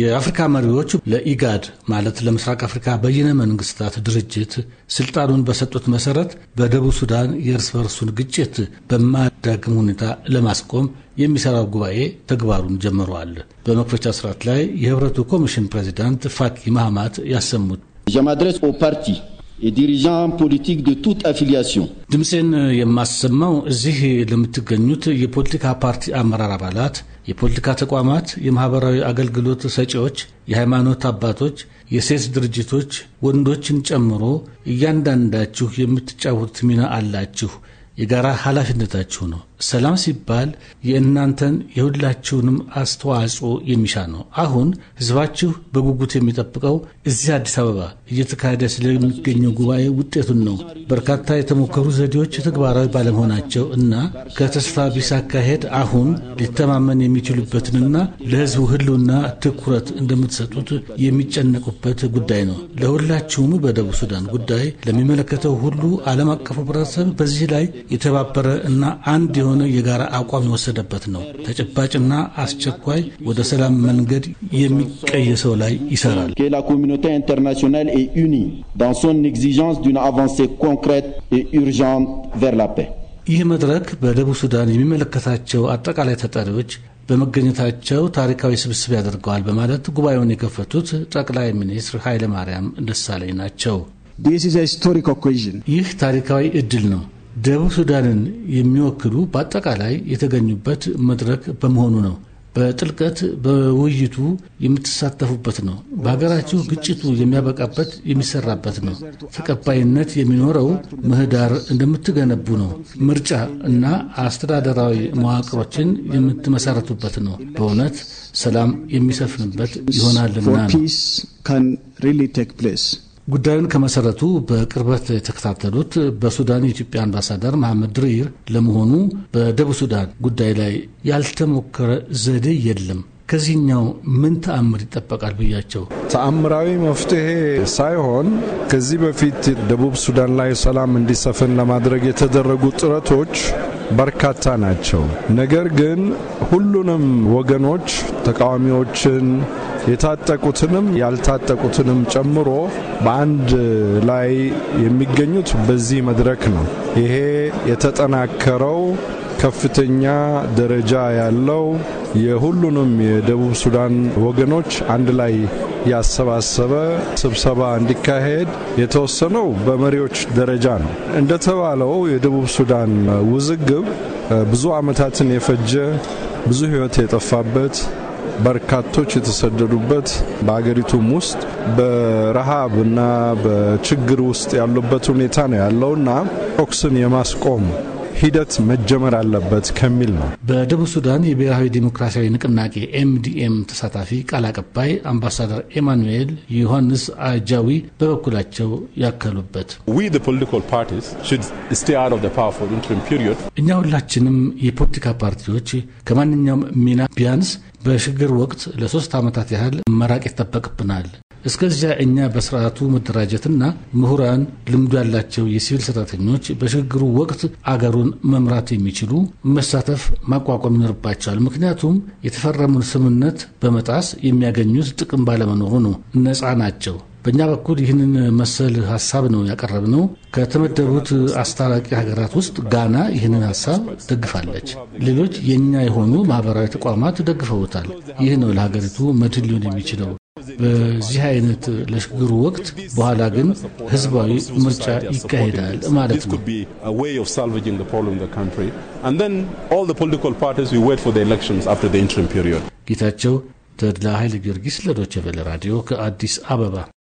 የአፍሪካ መሪዎች ለኢጋድ ማለት ለምስራቅ አፍሪካ በይነ መንግስታት ድርጅት ስልጣኑን በሰጡት መሰረት በደቡብ ሱዳን የእርስ በርሱን ግጭት በማያዳግም ሁኔታ ለማስቆም የሚሰራው ጉባኤ ተግባሩን ጀምረዋል። በመክፈቻ ስርዓት ላይ የህብረቱ ኮሚሽን ፕሬዚዳንት ፋኪ ማህማት ያሰሙት የማድረስ ኦ ፓርቲ የዲሪጃን ፖለቲክ ደ ቱት አፊሊያሲዮን ድምፄን የማሰማው እዚህ ለምትገኙት የፖለቲካ ፓርቲ አመራር አባላት፣ የፖለቲካ ተቋማት፣ የማህበራዊ አገልግሎት ሰጪዎች፣ የሃይማኖት አባቶች፣ የሴት ድርጅቶች ወንዶችን ጨምሮ እያንዳንዳችሁ የምትጫወቱት ሚና አላችሁ። የጋራ ኃላፊነታችሁ ነው። ሰላም ሲባል የእናንተን የሁላችሁንም አስተዋጽኦ የሚሻ ነው። አሁን ህዝባችሁ በጉጉት የሚጠብቀው እዚህ አዲስ አበባ እየተካሄደ ስለሚገኘው ጉባኤ ውጤቱን ነው። በርካታ የተሞከሩ ዘዴዎች ተግባራዊ ባለመሆናቸው እና ከተስፋ ቢስ አካሄድ አሁን ሊተማመን የሚችሉበትንና ለህዝቡ ህልውና ትኩረት እንደምትሰጡት የሚጨነቁበት ጉዳይ ነው። ለሁላችሁም በደቡብ ሱዳን ጉዳይ ለሚመለከተው ሁሉ ዓለም አቀፉ ሕብረተሰብ በዚህ ላይ የተባበረ እና አንድ የሆነ የጋራ አቋም የወሰደበት ነው። ተጨባጭና አስቸኳይ ወደ ሰላም መንገድ የሚቀየሰው ላይ ይሰራል። la communauté internationale est unie dans son exigence d'une avancée ይህ መድረክ በደቡብ ሱዳን የሚመለከታቸው አጠቃላይ ተጠሪዎች በመገኘታቸው ታሪካዊ ስብስብ ያደርገዋል በማለት ጉባኤውን የከፈቱት ጠቅላይ ሚኒስትር ኃይለማርያም ደሳለኝ ናቸው። ይህ ታሪካዊ ዕድል ነው። ደቡብ ሱዳንን የሚወክሉ በአጠቃላይ የተገኙበት መድረክ በመሆኑ ነው። በጥልቀት በውይይቱ የምትሳተፉበት ነው። በሀገራችሁ ግጭቱ የሚያበቃበት የሚሰራበት ነው። ተቀባይነት የሚኖረው ምህዳር እንደምትገነቡ ነው። ምርጫ እና አስተዳደራዊ መዋቅሮችን የምትመሰረቱበት ነው። በእውነት ሰላም የሚሰፍንበት ይሆናልና ነው። ጉዳዩን ከመሰረቱ በቅርበት የተከታተሉት በሱዳን የኢትዮጵያ አምባሳደር መሐመድ ድሪር ለመሆኑ በደቡብ ሱዳን ጉዳይ ላይ ያልተሞከረ ዘዴ የለም ከዚህኛው ምን ተአምር ይጠበቃል ብያቸው፣ ተአምራዊ መፍትሄ ሳይሆን ከዚህ በፊት ደቡብ ሱዳን ላይ ሰላም እንዲሰፍን ለማድረግ የተደረጉ ጥረቶች በርካታ ናቸው። ነገር ግን ሁሉንም ወገኖች ተቃዋሚዎችን፣ የታጠቁትንም ያልታጠቁትንም ጨምሮ በአንድ ላይ የሚገኙት በዚህ መድረክ ነው። ይሄ የተጠናከረው ከፍተኛ ደረጃ ያለው የሁሉንም የደቡብ ሱዳን ወገኖች አንድ ላይ ያሰባሰበ ስብሰባ እንዲካሄድ የተወሰነው በመሪዎች ደረጃ ነው። እንደተባለው የደቡብ ሱዳን ውዝግብ ብዙ ዓመታትን የፈጀ ብዙ ሕይወት የጠፋበት በርካቶች የተሰደዱበት በአገሪቱም ውስጥ በረሃብ እና በችግር ውስጥ ያሉበት ሁኔታ ነው ያለውና ኦክስን የማስቆም ሂደት መጀመር አለበት ከሚል ነው። በደቡብ ሱዳን የብሔራዊ ዴሞክራሲያዊ ንቅናቄ ኤምዲኤም ተሳታፊ ቃል አቀባይ አምባሳደር ኤማኑኤል ዮሐንስ አጃዊ በበኩላቸው ያከሉበት እኛ ሁላችንም የፖለቲካ ፓርቲዎች ከማንኛውም ሚና ቢያንስ በሽግግር ወቅት ለሶስት ዓመታት ያህል መራቅ ይጠበቅብናል። እስከዚያ እኛ በስርዓቱ መደራጀትና ምሁራን ልምዱ ያላቸው የሲቪል ሰራተኞች በሽግግሩ ወቅት አገሩን መምራት የሚችሉ መሳተፍ ማቋቋም ይኖርባቸዋል። ምክንያቱም የተፈረሙን ስምምነት በመጣስ የሚያገኙት ጥቅም ባለመኖሩ ነው። ነፃ ናቸው። በእኛ በኩል ይህንን መሰል ሀሳብ ነው ያቀረብነው። ከተመደቡት አስታራቂ ሀገራት ውስጥ ጋና ይህንን ሀሳብ ደግፋለች። ሌሎች የእኛ የሆኑ ማህበራዊ ተቋማት ደግፈውታል። ይህ ነው ለሀገሪቱ መድን ሊሆን የሚችለው። በዚህ አይነት ለሽግግሩ ወቅት በኋላ ግን ህዝባዊ ምርጫ ይካሄዳል ማለት ነው። ጌታቸው ተድላ ኃይለ ጊዮርጊስ ለዶቸቨለ ራዲዮ ከአዲስ አበባ